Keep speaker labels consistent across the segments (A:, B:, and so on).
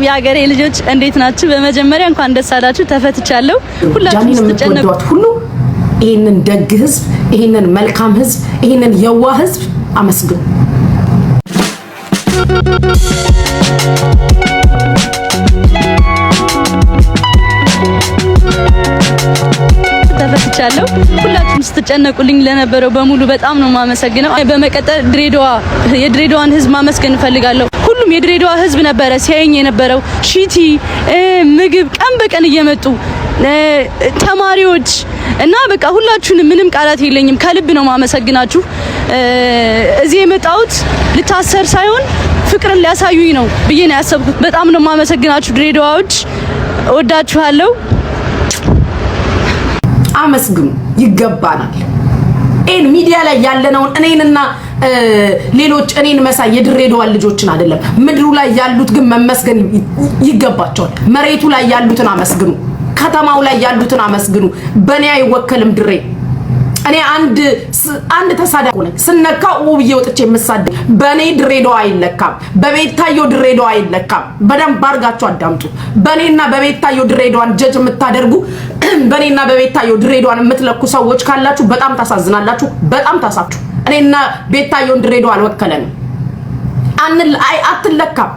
A: ሰላም የሀገሬ ልጆች እንዴት ናችሁ? በመጀመሪያ እንኳን ደስ አላችሁ። ተፈትቻለሁ።
B: ሁላችሁም ስትጨነቁት ሁሉ ይህንን ደግ ህዝብ፣ ይህንን መልካም ህዝብ፣ ይህንን የዋ ህዝብ አመስግኑ።
A: ተፈትቻለሁ። ሁላችሁም ስትጨነቁልኝ ለነበረው በሙሉ በጣም ነው የማመሰግነው። በመቀጠል ድሬዳዋ የድሬዳዋን ህዝብ ማመስገን እፈልጋለሁ። ሁሉም የድሬዳዋ ህዝብ ነበረ ሲያየኝ የነበረው ሺቲ ምግብ ቀን በቀን እየመጡ ተማሪዎች እና በቃ ሁላችሁንም ምንም ቃላት የለኝም። ከልብ ነው ማመሰግናችሁ። እዚህ የመጣሁት ልታሰር ሳይሆን ፍቅርን ሊያሳዩኝ ነው ብዬ ነው ያሰብኩት። በጣም ነው ማመሰግናችሁ ድሬዳዋዎች፣ ወዳችኋለሁ
B: አመስግኑ፣ ይገባናል። ይህን ሚዲያ ላይ ያለነውን እኔንና ሌሎች እኔን መሳይ የድሬዳዋን ልጆችን አይደለም። ምድሩ ላይ ያሉት ግን መመስገን ይገባቸዋል። መሬቱ ላይ ያሉትን አመስግኑ። ከተማው ላይ ያሉትን አመስግኑ። በእኔ አይወከልም ድሬ እኔ አንድ አንድ ተሳዳቢ ነኝ። ስነካ ብዬ ወጥቼ የምሳደብ በእኔ ድሬዳዋ አይለካም። በቤታየው ድሬዳዋ አይለካም። በደንብ አድርጋችሁ አዳምጡ። በእኔና በቤታዮ ድሬዳዋን ጀጅ የምታደርጉ በእኔና በቤታዮ ድሬዳዋን የምትለኩ ሰዎች ካላችሁ በጣም ታሳዝናላችሁ። በጣም ታሳችሁ እኔና ቤታየውን ድሬዳዋ አልወከለንም። አትለካም።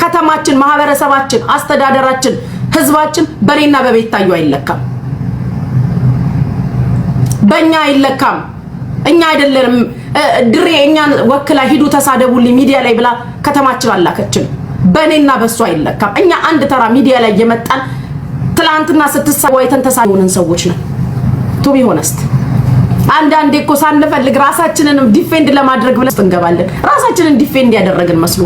B: ከተማችን፣ ማህበረሰባችን፣ አስተዳደራችን፣ ህዝባችን በእኔና በቤታዩ አይለካም፣ በእኛ አይለካም። እኛ አይደለንም ድሬ እኛን ወክላ ሂዱ ተሳደቡልኝ ሚዲያ ላይ ብላ ከተማችን አላከችን። በእኔና በእሱ አይለካም። እኛ አንድ ተራ ሚዲያ ላይ የመጣን ትላንትና ስትሳዋ የተንተሳሆንን ሰዎች ነው ቱ ሆነስት አንዳንዴ እኮ ሳንፈልግ ራሳችንን ዲፌንድ ለማድረግ ብለን እንገባለን። ራሳችንን ዲፌንድ ያደረግን መስሎ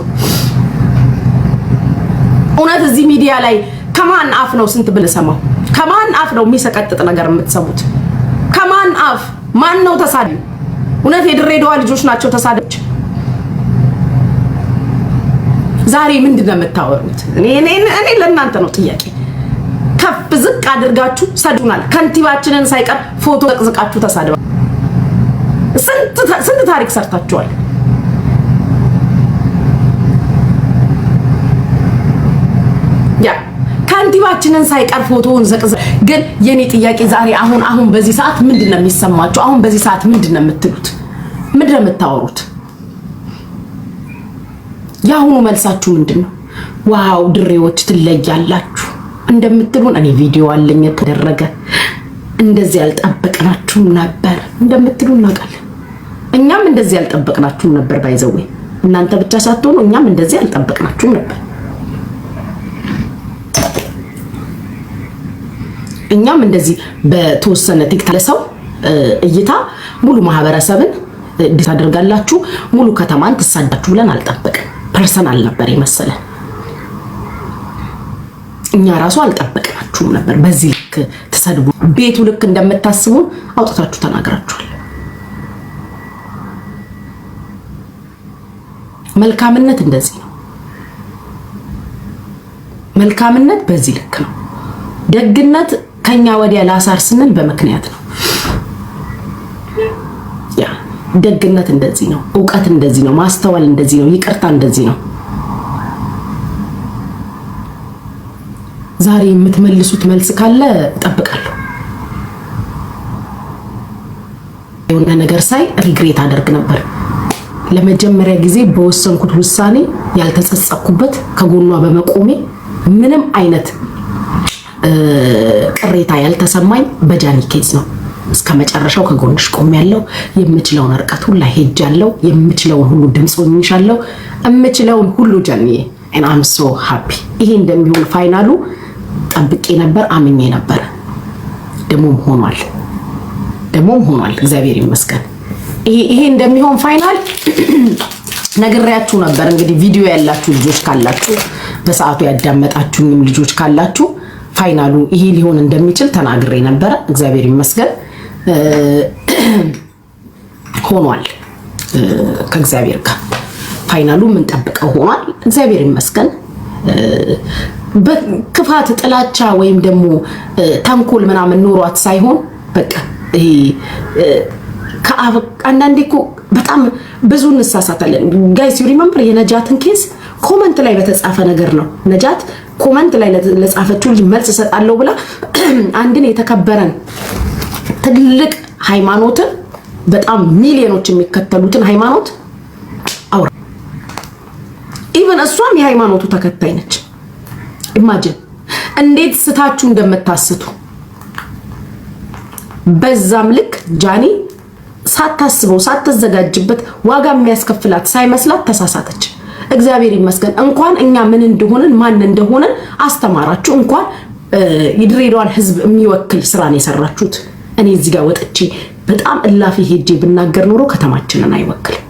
B: እውነት እዚህ ሚዲያ ላይ ከማን አፍ ነው ስንት ብል ሰማው? ከማን አፍ ነው የሚሰቀጥጥ ነገር የምትሰሙት? ከማን አፍ ማን ነው ተሳድ? እውነት የድሬዳዋ ልጆች ናቸው ተሳደች። ዛሬ ምንድን ነው የምታወሩት? እኔ ለእናንተ ነው ጥያቄ። ከፍ ዝቅ አድርጋችሁ ሰዱናል። ከንቲባችንን ሳይቀር ፎቶ ዘቅዝቃችሁ ተሳድባል። ስንት ታሪክ ሰርታችኋል? ያ ከንቲባችንን ሳይቀር ፎቶውን ዘቅዘ ግን የኔ ጥያቄ ዛሬ አሁን አሁን በዚህ ሰዓት ምንድን ነው የሚሰማችሁ? አሁን በዚህ ሰዓት ምንድን ነው የምትሉት? ምንድን ነው የምታወሩት? የአሁኑ መልሳችሁ ምንድን ነው? ዋው ድሬዎች ትለያላችሁ እንደምትሉን እኔ ቪዲዮ አለኝ የተደረገ እንደዚህ ያልጠበቅናችሁም ነበር እንደምትሉን እናውቃለን። እኛም እንደዚህ አልጠበቅናችሁም ነበር። ባይዘዌ እናንተ ብቻ ሳትሆኑ እኛም እንደዚህ አልጠበቅናችሁም ነበር። እኛም እንደዚህ በተወሰነ ቲክ ለሰው እይታ ሙሉ ማህበረሰብን እንዴት አድርጋላችሁ ሙሉ ከተማን ትሳዳችሁ ብለን አልጠበቅም። ፐርሰናል ነበር የመሰለን እኛ ራሱ አልጠበቅናችሁም ነበር። በዚህ ልክ ትሰድቡ ቤቱ ልክ እንደምታስቡ አውጥታችሁ ተናግራችኋል። መልካምነት እንደዚህ ነው። መልካምነት በዚህ ልክ ነው። ደግነት ከኛ ወዲያ ላሳር ስንል በምክንያት ነው። ደግነት እንደዚህ ነው። እውቀት እንደዚህ ነው። ማስተዋል እንደዚህ ነው። ይቅርታ እንደዚህ ነው። ዛሬ የምትመልሱት መልስ ካለ እጠብቃለሁ። የሆነ ነገር ሳይ ሪግሬት አደርግ ነበር። ለመጀመሪያ ጊዜ በወሰንኩት ውሳኔ ያልተጸጸኩበት ከጎኗ በመቆሜ ምንም አይነት ቅሬታ ያልተሰማኝ በጃኒ ኬዝ ነው። እስከ መጨረሻው ከጎንሽ ቆም ያለው የምችለውን እርቀት ሁላ ሄጃለው። የምችለውን ሁሉ ድምፅ ሆኝሻለሁ። የምችለውን ሁሉ ጃኒዬ፣ አም ሶ ሃፒ። ይሄ እንደሚሆን ፋይናሉ ጠብቄ ነበር፣ አምኜ ነበር። ደግሞም ሆኗል፣ ደግሞም ሆኗል። እግዚአብሔር ይመስገን። ይሄ እንደሚሆን ፋይናል ነግሬያችሁ ነበር። እንግዲህ ቪዲዮ ያላችሁ ልጆች ካላችሁ፣ በሰዓቱ ያዳመጣችሁኝም ልጆች ካላችሁ ፋይናሉ ይሄ ሊሆን እንደሚችል ተናግሬ ነበረ። እግዚአብሔር ይመስገን ሆኗል። ከእግዚአብሔር ጋር ፋይናሉ የምንጠብቀው ሆኗል። እግዚአብሔር ይመስገን። በክፋት ጥላቻ ወይም ደግሞ ተንኮል ምናምን ኖሯት ሳይሆን በቃ አንዳንዴ እኮ በጣም ብዙ እንሳሳታለን ጋይስ። ዩ ሪመምበር የነጃትን ኬስ ኮመንት ላይ በተጻፈ ነገር ነው። ነጃት ኮመንት ላይ ለጻፈችው ልጅ መልስ እሰጣለሁ ብላ አንድን የተከበረን ትልቅ ሃይማኖትን በጣም ሚሊዮኖች የሚከተሉትን ሃይማኖት አውራ ኢቨን እሷም የሃይማኖቱ ተከታይ ነች። ኢማጅን እንዴት ስታችሁ እንደምታስቱ በዛም ልክ ጃኒ ሳታስበው ሳትዘጋጅበት ዋጋ የሚያስከፍላት ሳይመስላት ተሳሳተች። እግዚአብሔር ይመስገን እንኳን እኛ ምን እንደሆንን ማን እንደሆንን አስተማራችሁ። እንኳን የድሬዳዋን ሕዝብ የሚወክል ስራን የሰራችሁት። እኔ እዚህ ጋር ወጥቼ በጣም እላፊ ሄጄ ብናገር ኖሮ ከተማችንን አይወክልም።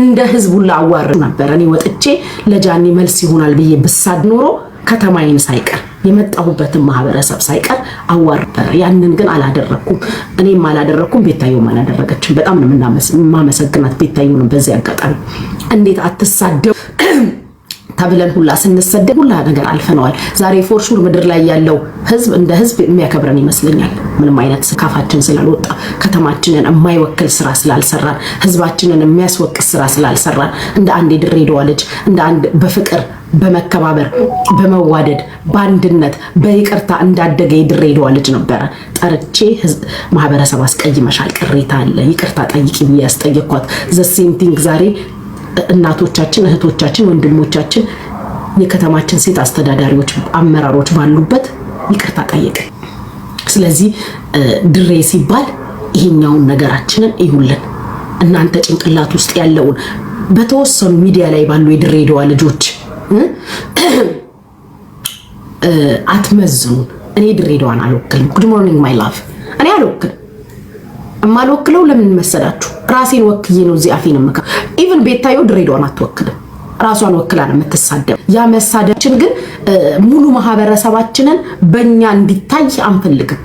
B: እንደ ሕዝብ ሁላ አዋርድ ነበር። እኔ ወጥቼ ለጃኒ መልስ ይሆናል ብዬ ብሳድ ኖሮ ከተማዬን ሳይቀር የመጣሁበትን ማህበረሰብ ሳይቀር አዋር ያንን ግን አላደረግኩም። እኔም አላደረግኩም፣ ቤታየውም አላደረገችም። በጣም ነው የማመሰግናት ቤታየውንም በዚህ አጋጣሚ እንዴት አትሳደው ተብለን ሁላ ስንሰደድ ሁላ ነገር አልፈነዋል። ዛሬ ፎርሹር ምድር ላይ ያለው ህዝብ እንደ ህዝብ የሚያከብረን ይመስለኛል። ምንም አይነት ካፋችን ስላልወጣ ከተማችንን የማይወክል ስራ ስላልሰራን ህዝባችንን የሚያስወቅስ ስራ ስላልሰራን እንደ አንድ የድሬዳዋ ልጅ እንደ አንድ በፍቅር በመከባበር በመዋደድ በአንድነት በይቅርታ እንዳደገ የድሬዳዋ ልጅ ነበረ። ጠርቼ ማህበረሰብ አስቀይመሻል፣ ቅሬታ አለ፣ ይቅርታ ጠይቂ ብዬ ያስጠየኳት ዘሴንቲንግ ዛሬ እናቶቻችን፣ እህቶቻችን፣ ወንድሞቻችን የከተማችን ሴት አስተዳዳሪዎች፣ አመራሮች ባሉበት ይቅርታ ጠየቅ። ስለዚህ ድሬ ሲባል ይሄኛውን ነገራችንን እዩልን። እናንተ ጭንቅላት ውስጥ ያለውን በተወሰኑ ሚዲያ ላይ ባሉ የድሬዳዋ ልጆች አትመዝኑን። እኔ ድሬዳዋን አልወክልም። ጉድ ሞርኒንግ ማይ ላቭ እኔ አልወክልም። የማልወክለው ለምን መሰላችሁ? ራሴን ወክዬ ነው እዚህ አፌን ምከ ኢቭን ቤታየው ድሬዳዋን አትወክልም፣ ራሷን ወክላ ነው የምትሳደብ። ያ መሳደችን ግን ሙሉ ማህበረሰባችንን በእኛ እንዲታይ አንፈልግም።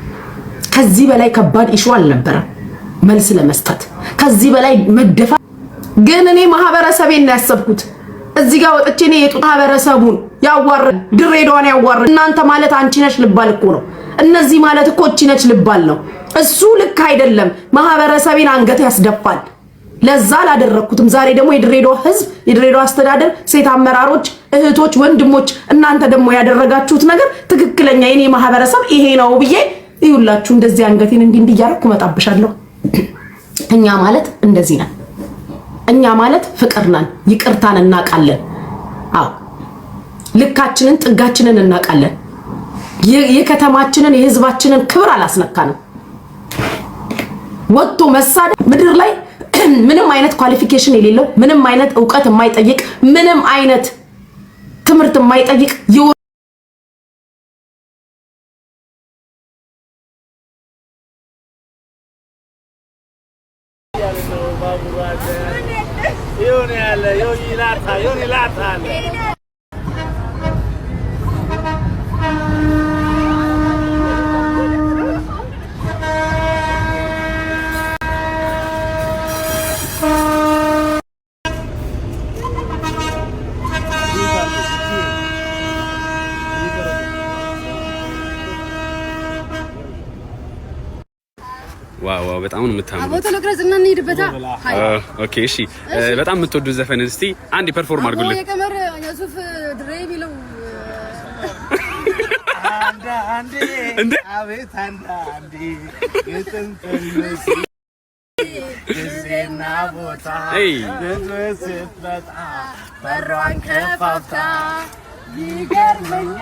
B: ከዚህ በላይ ከባድ ኢሹ አልነበረም መልስ ለመስጠት ከዚህ በላይ መደፋ። ግን እኔ ማህበረሰቤን ነው ያሰብኩት። እዚህ ጋር ወጥቼ እኔ የጡት ማህበረሰቡን ያዋረድ ድሬዳዋን ያዋረድ እናንተ ማለት አንቺ ነች ልባል እኮ ነው። እነዚህ ማለት እኮ እቺ ነች ልባል ነው። እሱ ልክ አይደለም። ማህበረሰቤን አንገት ያስደፋል። ለዛ አላደረግኩትም። ዛሬ ደግሞ የድሬዳዋ ህዝብ፣ የድሬዳዋ አስተዳደር፣ ሴት አመራሮች፣ እህቶች፣ ወንድሞች እናንተ ደግሞ ያደረጋችሁት ነገር ትክክለኛ የኔ ማህበረሰብ ይሄ ነው ብዬ ይሁላችሁ እንደዚህ አንገቴን እንዲህ እንዲህ እያደረኩ እመጣብሻለሁ። እኛ ማለት እንደዚህ ነን። እኛ ማለት ፍቅር ነን። ይቅርታን እናውቃለን። አዎ ልካችንን ጥጋችንን እናውቃለን። የከተማችንን የህዝባችንን ክብር አላስነካንም። ወጥቶ መሳደብ ምድር ላይ ምንም አይነት ኳሊፊኬሽን የሌለው ምንም አይነት እውቀት የማይጠይቅ ምንም አይነት ትምህርት የማይጠይቅ
C: ዋው ዋው፣ በጣም ነው የምታምሩት። አቦ
D: ተለክረዝ እና እንሂድበታ።
C: ኦኬ እሺ፣ በጣም የምትወዱት ዘፈን እስቲ አንድ ፐርፎርም
D: አድርጉልን። የቀመር የሱፍ ድሬ የሚለው
E: እንዴ! አቤት ጊዜና ቦታ
C: ስትመጣ
F: በሯን ከፋፍታ ይገርመኛል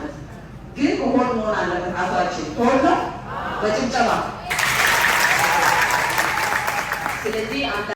G: ግን ሆን መሆን አለበት። አዟችን ሆን በጭብጨባ ስለዚህ